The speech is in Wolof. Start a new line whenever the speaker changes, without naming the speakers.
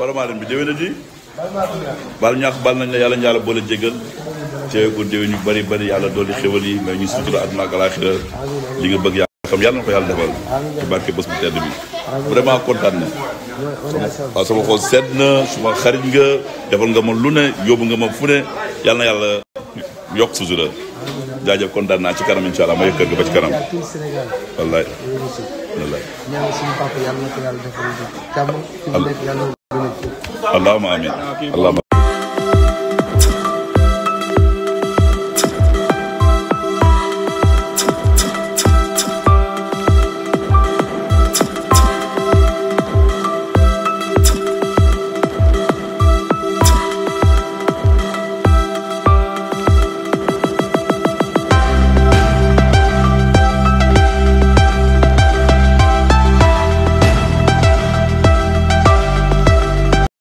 palamarin bi déwénati bal ñaax bal nañ la yàlla njaala boole jégal teewe ko déwén ñu bari bari yàlla dolli xéwal yi mais ñu sutura àdduna ak alaaxira li nga bëgg yàlla na ko yàlla defal ci barke bés bu tedd bi vraiment kontaan na waaw sama xool sedd na suma xarit nga defal nga ma lu ne yóbbu nga ma fu ne yàlla na yàlla yokk sutura jaajëf kontaan naa ci kanam incha allah ma yëkkal nga ba ci kanam wallaay
allahumma amin allahumma